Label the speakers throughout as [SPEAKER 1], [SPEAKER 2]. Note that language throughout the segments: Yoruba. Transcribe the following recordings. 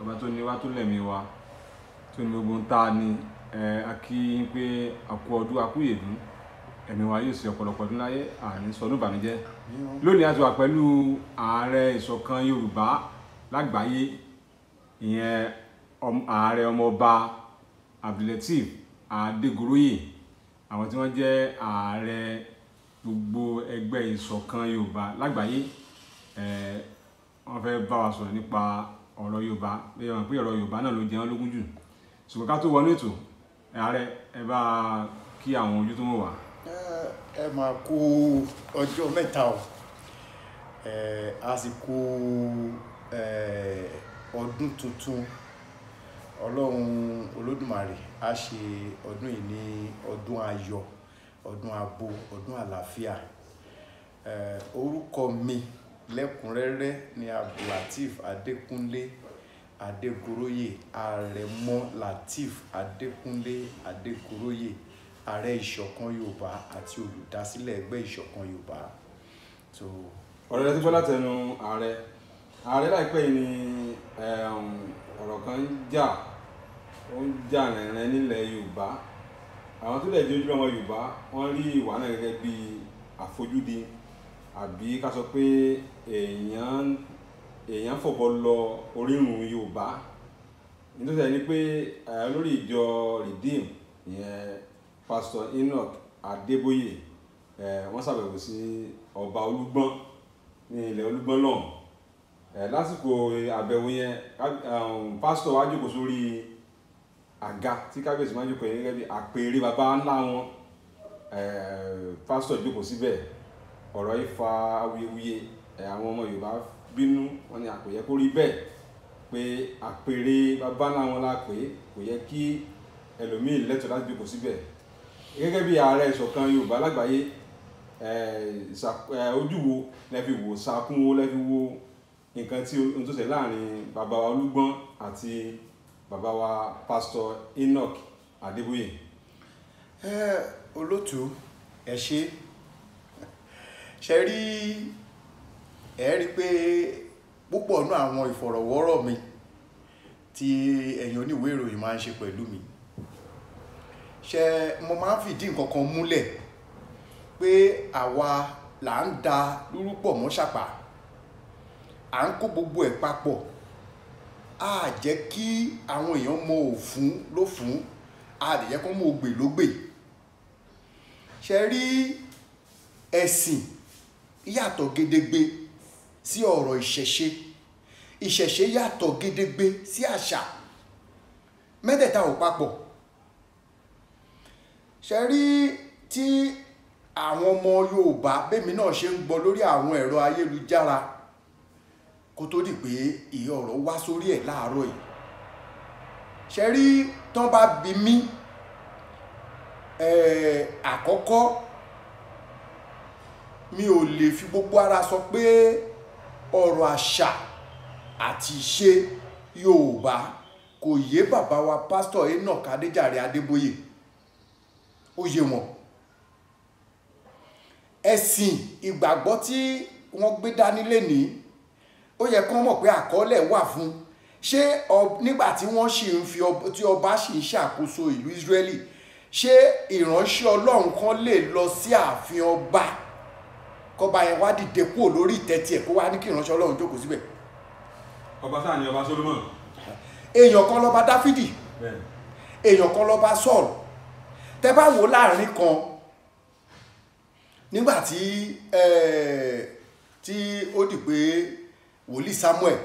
[SPEAKER 1] ọba tó ní wá tó lẹ̀mí wa tó ní gbogbo ń tá a ní akí pé àkú ọdún akúyèdún ẹ̀mí wa yóò ṣe ọ̀pọ̀lọpọ̀ ọdún láyé àní sọdún ìbànújẹ́ lónìí a wà pẹ̀lú ààrẹ ìṣọ̀kan Yorùbá lágbàáyé ìyẹn ààrẹ ọmọọba Abdulateef Adégoroyè àwọn tí wọ́n jẹ́ ààrẹ gbogbo ẹgbẹ́ ìṣọ̀kan Yorùbá lágbàáyé wọ́n fẹ́ bá wa sọ̀rọ̀ nípa ọ̀rọ̀ yorùbá ẹ mọ̀ pé ọ̀rọ̀ yorùbá náà ló jẹ́ wọn lógún jù ṣùgbọ́n ká tó wọnú ètò ààrẹ ẹ bá kí àwọn ojú tó mọ̀ wá. ẹ máa kó ọjọ́ mẹ́ta o àsìkò
[SPEAKER 2] ọdún tuntun ọlọ́run olódùmarè á ṣe ọdún yìí ní ọdún ayọ̀ ọdún abo ọdún àlàáfíà orúkọ mi lẹ́kùnrẹ́rẹ́ ni abdulateef adékúnlé adégoróyè àrẹ̀mọ lateef adékúnlé adégoróyè ààrẹ ìṣọ̀kan yorùbá àti olùdásílẹ̀ ẹgbẹ́ ìṣọ̀kan yorùbá.
[SPEAKER 1] ọ̀rẹ́ ti gbọ́ látẹnu ààrẹ ààrẹ láìpẹ́ yìí ni ọ̀rọ̀ kan ń jà ó ń jà rẹ̀rẹ̀ nílẹ̀ yorùbá àwọn tó lè jẹ́ ojúlọ́mọ yorùbá wọ́n rí ìwà náà gẹ́gẹ́ bí àfojúdi àbí ká sọ pé èèyàn èèyàn fọ̀bọ lọ orírun yorùbá nítorí ẹni pé olórí ìjọ redeem ìyẹn pastor enoch adébóyè wọ́n ṣàbẹ̀wò sí ọba olúgbọ́n ní ilẹ̀ olúgbọ́n lọ́hùn lásìkò àbẹ̀wò yẹn pastor wá jókòó sórí àga tí kábíyèsí máa ń jókòó yẹn gẹ́gẹ́ bí àpèrè baba ńlá wọn pásítọ̀ jókòó síbẹ̀ ọ̀rọ̀ yìí fa awuyewuye àwọn ọmọ yorùbá bínú wọn ni àpò yẹ kó rí bẹ́ẹ̀ pé àpèrè bàbá náà wọn la pè é kò yẹ kí ẹlòmíín lẹ́tọ̀ọ́ láti bí kò síbẹ̀ gẹ́gẹ́ bí ààrẹ ìṣọ̀kan yorùbá lágbàáyé ojú wo lẹ fi wò sakun wo lẹ fi wo nǹkan tí ohun tó ṣe láàrin bàbá wa olúgbọ́n àti bàbá wa pásítọ̀ enoch adébóyè. ẹ olótú ẹ ṣe ṣe rí ẹ rí pé
[SPEAKER 2] púpọ̀ nú àwọn ìfọ̀rọ̀wọ́rọ̀ mi tí ẹ̀yin oníwèé ìròyìn máa ń ṣe pẹ̀lú mi ṣe mo máa ń fìdí nǹkan kan múlẹ̀ pé àwa là ń da lúrúpọ̀ mọ́ ṣàpà à ń kó gbogbo ẹ̀ papọ̀ a jẹ́ kí àwọn èèyàn mọ òfun lófun a lè jẹ́ kó mọ ògbè lógbè ṣe rí ẹ̀sìn yàtọ̀ gedegbe sí ọ̀rọ̀ ìṣẹ̀ṣe ìṣẹ̀ṣe yàtọ̀ gedegbe sí àṣà mẹ́tẹ̀ẹ̀ta ò papọ̀ ṣe rí tí àwọn ọmọ Yorùbá bẹ́mi náà ṣe ń gbọ́ lórí àwọn ẹ̀rọ ayélujára kó tó di pé ìyá ọ̀rọ̀ wá sórí ẹ̀ láàárọ̀ yìí ṣe rí tán bá bí mí àkọ́kọ́ mi ò lè fi gbogbo ara sọ pé ọ̀rọ̀ àṣà àti ìṣe Yorùbá kò yé bàbá wa pásítọ̀ Enoch Adéjàre Adébóyè ó yé wọn ẹ̀sìn ìgbàgbọ́ tí wọ́n gbé dání lẹ́ni ó yẹ kán mọ̀ pé àkọọ́lẹ̀ wà fún ṣé nígbà tí wọ́n sì ń fi tí ọba sì ń ṣàkóso ìlú Israeli ṣé ìránṣẹ́ Ọlọ́run kan lè lọ sí ààfin ọba kọba yẹn wá dìde kúrò lórí ìtẹ́ tiẹ̀ kó wá ní kí ìránṣẹ́ ọlọ́run jókòó síbẹ̀.
[SPEAKER 1] ọba sáà ni ọba solomon.
[SPEAKER 2] èèyàn kan lọba dáfídì èèyàn kan lọba sọ́ọ̀lù tẹ bá wò láàrin kan nígbà tí tí ó di pé wòlíì samuel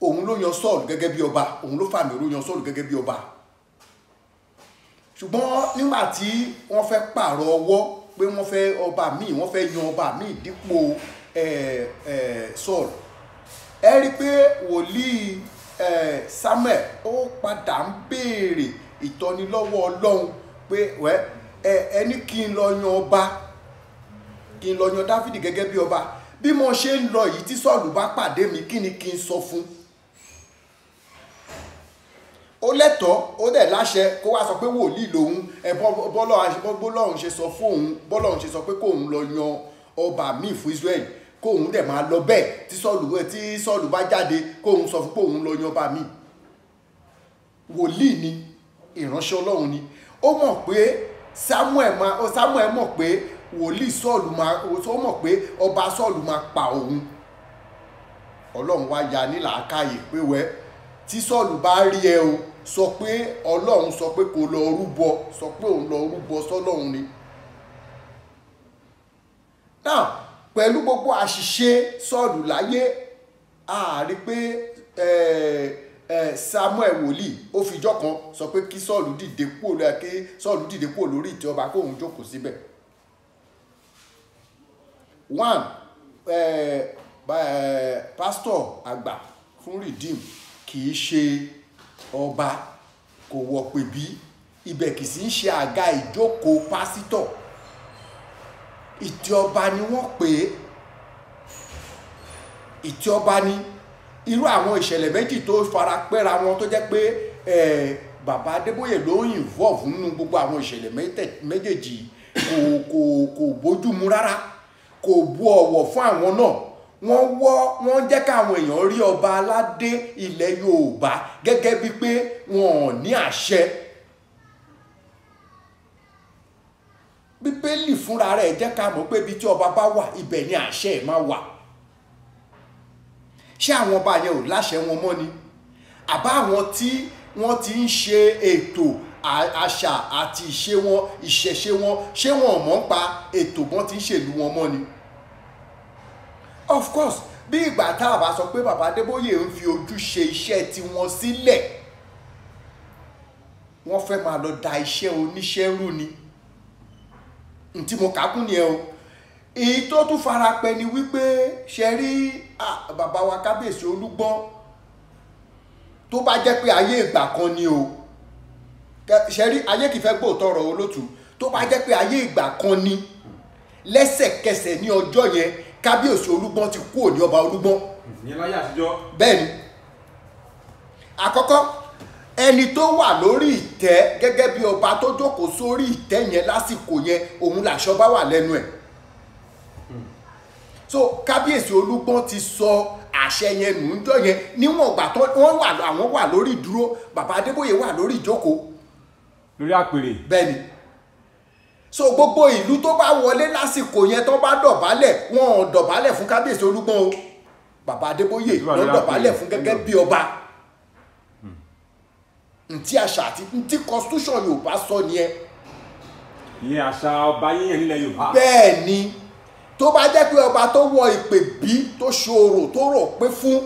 [SPEAKER 2] òun ló yan sọ́ọ̀lù gẹ́gẹ́ bí ọba òun ló fàmì òru yan sọ́ọ̀lù gẹ́gẹ́ bí ọba ṣùgbọ́n nígbà tí wọ́n fẹ́ pààrọ̀ ọwọ́ pé wọ́n fẹ́ ọba míì wọ́n fẹ́ yan ọba míì dípò Saul ẹ rí i pé wòlíì Samuel ó padà ń béèrè ìtọ́nilọ́wọ́ Ọlọ́run pé ẹni kí n lọ yan ọba kí n lọ yan Dáfídì gẹ́gẹ́ bí ọba bí mo ṣe ń lọ yìí tí Saul bá pàdé mi kí ni kí n sọ fún un ó lẹ́tọ̀ọ́ ó dẹ̀ láṣẹ kó wá sọ pé wòlíì lòun ẹ bọ́lọ́run ṣe sọ fóun bọ́lọ́run ṣe sọ pé kóun lọ yan ọba míì fún Israel kóun dẹ̀ máa lọ bẹ́ẹ̀ tí sọ́ọ̀lù tí sọ́ọ̀lù bá jáde kóun sọ fún kóun lọ yan ọba míì wòlíì ni ìránṣẹ́ ọlọ́run ni ó mọ̀ pé Samuel ma ó Samuel mọ̀ pé wòlíì sọ́ọ̀lù ma ó mọ̀ pé ọba sọ́ọ̀lù ma pa òun ọlọ́run wá ya nílàákàyè pé wẹ́ tí sọ́ọ̀lù bá rí ẹ o sọ pé ọlọ́run sọ pé kò lọ rúbọ sọ pé òun lọ rúbọ sọlọ́run ni now pẹ̀lú gbogbo àṣìṣe sọ́ọ̀lù láyé a rí pé Samuel wòlíì ó fijọ́ kan sọ pé kí sọ́ọ̀lù dìde kúrò lórí kí sọ́ọ̀lù dìde kúrò lórí ìtẹ́ ọba kó òun jókòó síbẹ̀ one eh, pastor àgbà fún redeem kì í ṣe ọba kò wọ̀ pèbí ibẹ̀ kì í sì ń ṣe àga ìjókòó pásítọ̀ ìtì ọba ni wọ́n pè é ìtì ọba ni irú àwọn ìṣẹ̀lẹ̀ méjì tó fara pẹ́ra wọn tó jẹ́ pé bàbá Adébóyè ló ń involve nínú gbogbo àwọn ìṣẹ̀lẹ̀ méjèèjì kò kò kò bójú mu rárá kò bu ọ̀wọ̀ fún àwọn náà wọ́n wọ́ wọ́n jẹ́ káwọn èèyàn rí ọba aládé ilẹ̀ Yorùbá gẹ́gẹ́ bíi pé wọn ní àṣẹ bíbélì fúnra rẹ̀ jẹ́ ká mọ̀ pé ibi tí ọba bá wà ibẹ̀ ni àṣẹ ẹ̀ máa wà ṣé àwọn ọba yẹn ò láṣẹ wọn mọ́ ni àbá àwọn tí wọ́n ti ń ṣe ètò àṣà àti ìṣe wọn ìṣẹ̀ṣe wọn ṣé wọn ò mọ̀ ń pa ètò wọn ti ń ṣèlú wọn mọ́ ni of course bí ìgbà tá a bá sọ pé bàbá Adébóyè ń fi ojú ṣe iṣẹ́ tiwọn sílẹ̀ wọ́n fẹ́ máa lọ da iṣẹ́ oníṣẹ́ rú ni ntí mo kà á kún ni ẹ o èyí tó tún fara pẹ ni wípé ṣe rí bàbá wa kábíyèsí olúgbọ́n tó bá jẹ́ pé ayé ìgbà kan ni o ṣe rí ayé kìí fẹ́ gbóòótọ́ ọ̀rọ̀ olótùú tó bá jẹ́ pé ayé ìgbà kan ni lẹ́sẹ̀kẹsẹ̀ ní ọjọ́ yẹn kábíyèsí olúgbọ́n ti kúrò ní ọba olúgbọ́n.
[SPEAKER 1] ìyẹn láyé àtijọ́.
[SPEAKER 2] bẹ́ẹ̀ni àkọ́kọ́ ẹni tó wà lórí ìtẹ́ gẹ́gẹ́ bí ọba tó jókòó sórí ìtẹ́ yẹn lásìkò yẹn òun làṣọ bá wà lẹ́nu ẹ̀ so kábíyèsí olúgbọ́n ti sọ àṣẹ yẹn nù ń jọ yẹn níwọ̀n ìgbà tó wọ́n wà àwọn wà lórí ìdúró bàbá adébóyè wà lórí ìjókòó. lórí àpèrè. bẹ́ẹ̀ni so gbogbo ìlú tó bá wọlé lásìkò yẹn tó bá dọ̀bálẹ̀ wọn ò dọ̀bálẹ̀ fún kábíyèsí olúgbọ́n o bàbá adébóyè ló dọ̀bálẹ̀ fún gẹ́gẹ́ bí ọba hmm. ntí àṣà àti ntí constitution yorùbá sọ nìyẹn. ìyẹn àṣà ọba
[SPEAKER 1] yíyan nílẹ̀ yorùbá. bẹ́ẹ̀
[SPEAKER 2] ni tó bá jẹ́ pé ọba tó wọ ìpè bí tó ṣòro tó rò pé fún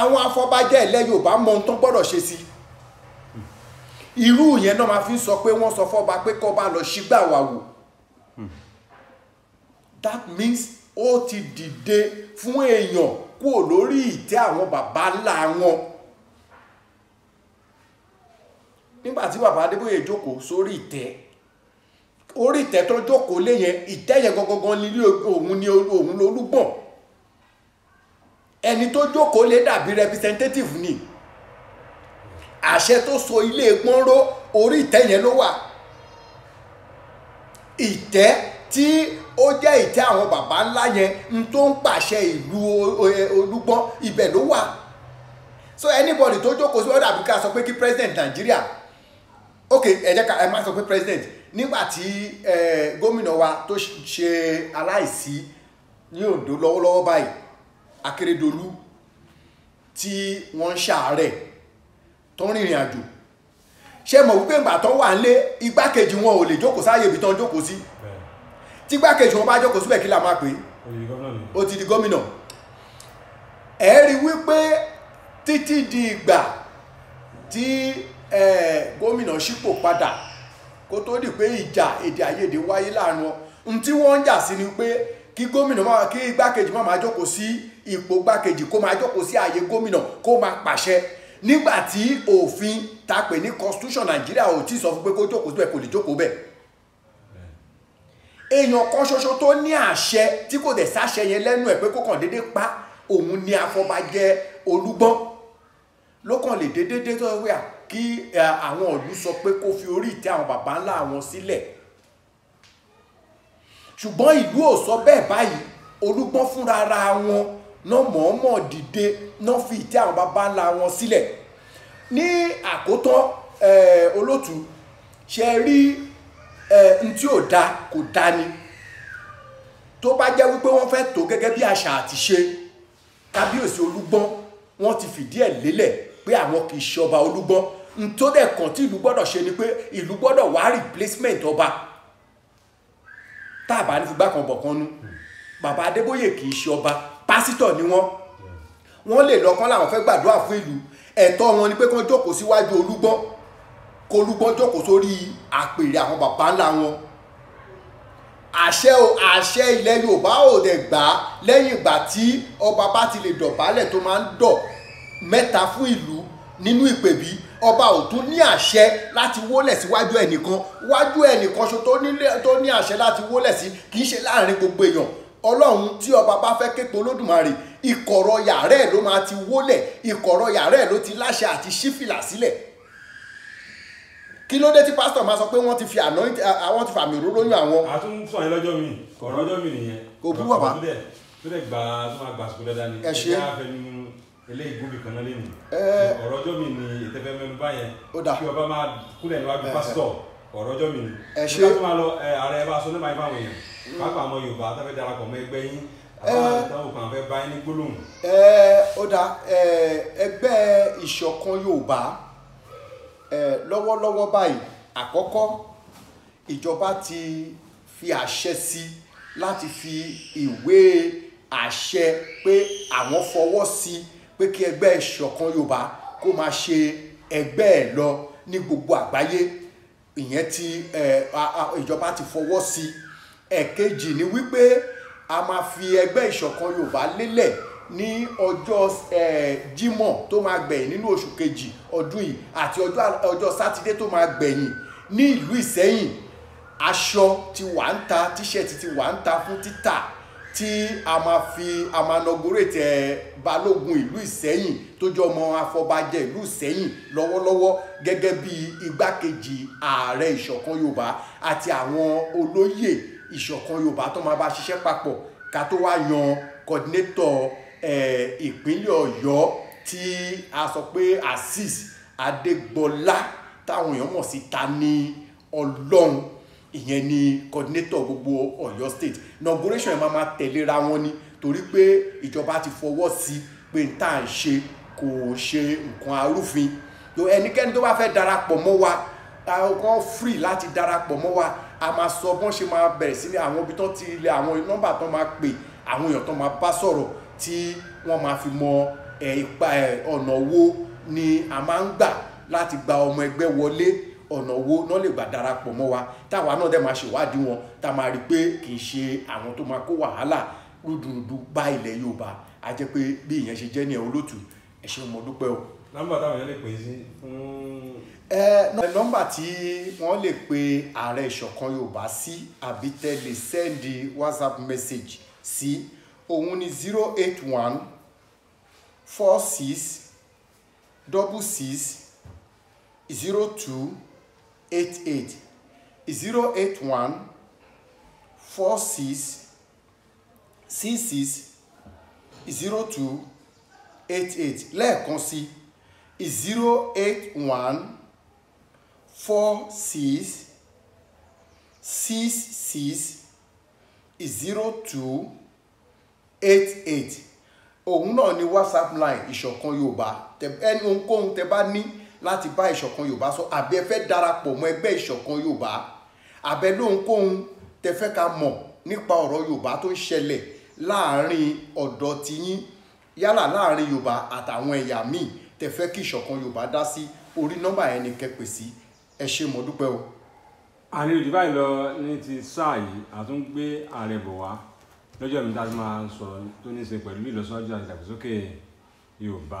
[SPEAKER 2] àwọn afọbajẹ ilẹ̀ yorùbá mọ ohun tó gbọ́dọ̀ ṣe sí i irú yẹn náà máa fi sọ pé wọ́n sọ fọ́ba pé kọ́ba lọ ṣígbà wà wò that means ó ti dìde fún èèyàn kúrò lórí ìtẹ́ àwọn bàbá ńlá wọn nígbà tí bàbá Adébóyè jókòó sórí ìtẹ́ orí ìtẹ́ tó jókòó lé yẹn ìtẹ́ yẹn gangan ní òun ni òun lolúgbọ̀n ẹni tó jókòó lé dàbí representative ni àṣẹ tó so ilé pọ́nró orí ìtẹ́ yẹn ló wà ìtẹ́ tí ó jẹ́ ìtẹ́ àwọn baba ńlá yẹn n tó ń pàṣẹ ìlú e, Olúgbọ́n ibẹ̀ ló wà so anybody tó jókòó sí ọ̀dà àbíká sọ pé kí president Nàìjíríà ok ẹ jẹ́ ká ẹ má sọ pé president nígbà tí gómìnà wa tó ṣe aláìsí ní Oǹdó lọ́wọ́lọ́wọ́ báyìí Akérédolú tí wọ́n ń ṣàárẹ̀ tó ń rìnrìn àjò ṣe mọ̀ wípé ìgbà tó wà nílé igbákejì wọn ò lè jókòó sáàyè ibi tó ń jókòó sí tí igbákejì wọn bá jókòó síbẹ̀ kí la máa pè é ó ti di gómìnà ẹ rí wípé títí di ìgbà tí gómìnà sípò padà kó tó di pé ìjà èdè àìyedè wáyé láàrin wọn ohun tí wọ́n ń jà sí ni pé kí gómìnà máa kí igbákejì máa jókòó sí ipò igbákejì kó máa jókòó sí ààyè gómìnà kó máa pàṣẹ nígbà tí òfin ta pè ní constitution Nigeria ò tí sọ fún pé kó jókòó bẹ́ẹ̀ kò lè jókòó bẹ́ẹ̀ èèyàn kan ṣoṣo tó ní àṣẹ tí kò dẹ̀ sáṣẹ yẹn lẹ́nu ẹ̀ pé kó kàn déédéé pa òun ni afọbajẹ olúgbọ́n ló kàn lè déédéé dé tó wíwà kí àwọn ìlú sọ pé kó fi orí ìtẹ́ àwọn baba ńlá àwọn sílẹ̀ ṣùgbọ́n ìlú ò sọ bẹ́ẹ̀ báyìí olúgbọ́n fúnra ara wọn náà mọ̀ọ́mọ̀ dìde náà fi ìtẹ́ àwọn bàbá ńlá wọn sílẹ̀ ní àkótán olótú ṣe rí n tí ò da kò da ni tó bá jẹ́ wípé wọ́n fẹ́ tó gẹ́gẹ́ bí àṣà àti ṣe kábíyèsí olúgbọ́n wọ́n ti fìdí ẹ̀ lélẹ̀ pé àwọn kì í ṣe ọba olúgbọ́n n tó dẹ̀ kàn tí ìlú gbọ́dọ̀ ṣe ni pé ìlú gbọ́dọ̀ wá replacement ọba tá a bá ní fi gbá kan bọ̀ kan nu bàbá adébóyè kì í ṣe ọba pásítọ̀ ni wọ́n wọ́n lè lọ́kàn làwọn fẹ́ gbàdúrà fún ìlú ẹ̀tọ́ wọn ni pé kán jókòó síwájú olúgbọ́n kó olúgbọ́n jókòó sórí àpèrè àwọn bàbá ńlá wọn àṣẹ àṣẹ ilẹ̀ yorùbá ò dẹ̀ gbà á lẹ́yìn ìgbà tí ọba bá ti lè dọ̀bálẹ̀ tó máa ń dọ̀ mẹ́ta fún ìlú nínú ìpèbí ọba ò tún ní àṣẹ láti wólẹ̀ síwájú ẹnìkan wájú ẹnìkan ṣo tó ní àṣẹ láti wólẹ̀ sí kì í ṣe láàrin gbogbo èèyàn ọlọ́run tí ọba bá fẹ́ képe olódùmarè ìkọ̀rọ̀ yàrá ẹ̀ ló máa ti wólẹ̀ ìkọ̀rọ̀ yàrá ẹ̀ ló ti láṣẹ àti ṣífìlà sílẹ̀ kí ló dé tí pásítọ̀ máa sọ pé wọ́n ti fi àná àwọn ti fi àmì òróró yàn àwọn. a tún sọ
[SPEAKER 1] yẹn lọ́jọ́ mi kọ̀rọ̀ lọ́jọ́ mi nìyẹn. kò bú bàbá tó dẹ̀ gbà tó máa gbà sùkúlẹ̀ dání. ẹ ṣe é ilé kan náà lẹ́nu. ọ̀rọ̀ ọjọ́ mi ni ìtẹ́fẹ́ mẹ́nu báyẹn kí ọba máa kúlẹ̀ níwájú pásítọ̀ ọ̀rọ̀ ọjọ́ mi ni. ẹ ṣe é nígbà tó máa lọ ààrẹ bá aṣọ nígbà yẹn báwọn èèyàn pápá àwọn yorùbá tó fẹ́ darapọ̀ mọ́ ẹgbẹ́ yín táwọn kan fẹ́ bá yín ní gbólóhùn.
[SPEAKER 2] ó dá ẹgbẹ́ ìṣọ̀kan yorùbá lọ́wọ́lọ́wọ́ báyìí àkọ́kọ́ ìjọba ti fi àṣẹ sí láti fi ìwé àṣẹ pé àwọn fọwọ́ sí pé kí ẹgbẹ́ ìṣọ̀kan yorùbá kó máa ṣe ẹgbẹ́ ẹ̀ lọ ní gbogbo àgbáyé ìyẹn ti ìjọba ti fọwọ́ sí ẹ̀kejì ni wípé a máa fi ẹgbẹ́ ìṣọ̀kan yorùbá lélẹ̀ ní ọjọ́ jímọ̀ tó máa gbẹ̀yìn nínú oṣù kejì ọdún yìí àti ọjọ́ sátidé tó máa gbẹ̀yìn ní ìlú ìsẹ́yìn aṣọ ti wà ń ta tíṣẹ̀tì ti wà ń ta fún títà tí a máa fi a máa inaugurate ẹ eh, balógun ìlú ìsẹ́yìn tó jẹ́ ọmọ afọbajẹ ìlú ìsẹ́yìn lọ́wọ́lọ́wọ́ gẹ́gẹ́ bí igbákejì ààrẹ ìṣọ̀kan yorùbá àti àwọn olóyè ìṣọ̀kan yorùbá tó máa bá ṣiṣẹ́ papọ̀ ká tó wá yan coordinator eh, ìpínlẹ̀ ọ̀yọ́ tí a sọ pé azeez adégbọlá táwọn èèyàn mọ̀ sí ta ni ọlọ́run ìyẹn ni coordinator gbogbo Ọ̀yọ́ state inauguration ẹ̀ máa máa tẹ̀léra wọn ni torí pé ìjọba ti fọwọ́ sí pé n tá à ń ṣe kò ṣe nǹkan arúfin ẹnikẹ́ni tó bá fẹ́ darapọ̀ mọ́ wa àwọn free láti darapọ̀ mọ́ wa a máa sọ bọ́n ṣe máa bẹ̀rẹ̀ sí ní àwọn ibi tán ti ilẹ̀ àwọn nọ́mbà tán máa pè àwọn èèyàn tán máa bá sọ̀rọ̀ tí wọ́n máa fi mọ ipa ọ̀nà wo ni a máa ń gbà láti gba ọmọ ẹgbẹ́ wọlé ọ̀nà wo náà lè gbà darapọ̀ mọ́ wa táwa náà dẹ̀ máa ṣèwádìí wọn tá a máa rí i pé kì í ṣe àwọn tó máa kó wàhálà rúdurùdu bá ilẹ̀ Yorùbá a jẹ́ pé bí ìyẹn ṣe jẹ́ ní ẹ̀ olóòtú ẹ ṣé mo dúpẹ́ o.
[SPEAKER 1] nọ́mbà táwọn yẹn lè pè sí
[SPEAKER 2] ẹ nọ́mbà tí wọ́n lè pe ààrẹ ìṣọ̀kan Yorùbá sí àbí tẹ́lẹ̀ sẹ́ndì WhatsApp message sí òun ni zero eight one four six double six zero two 88 081 46 66 02 88 lẹ́ẹ̀kan sí 081 46 66 02 88 òun náà ni whatsapp line ìṣọ̀kan yorùbá ẹni ohunkóhun tẹ bá ní láti bá ìṣọ̀kan yorùbá sọ àbí ẹ fẹ́ darapọ̀ mọ́ ẹgbẹ́ ìṣọ̀kan yorùbá àbẹ lóhunkóhun tẹ fẹ́ ká mọ̀ nípa ọ̀rọ̀ yorùbá tó ń ṣẹlẹ̀ láàrin ọ̀dọ̀ tiyín yálà láàrin yorùbá àtàwọn ẹ̀yà míì tẹ fẹ́ kí ìṣọ̀kan yorùbá dá sí orí nọ́mbà ẹni kẹpè
[SPEAKER 1] sí ẹ ṣé mo dúpẹ́ o. àní òdì báyìí lọ ní ti sáà yìí àtúngbé ààrẹ bọ̀ wá lọ́jọ́ mi tá a ti máa sọ̀rọ̀ tó ní í ṣe pẹ̀lú ìlọsíwájú àti ìdàgbàsókè yorùbá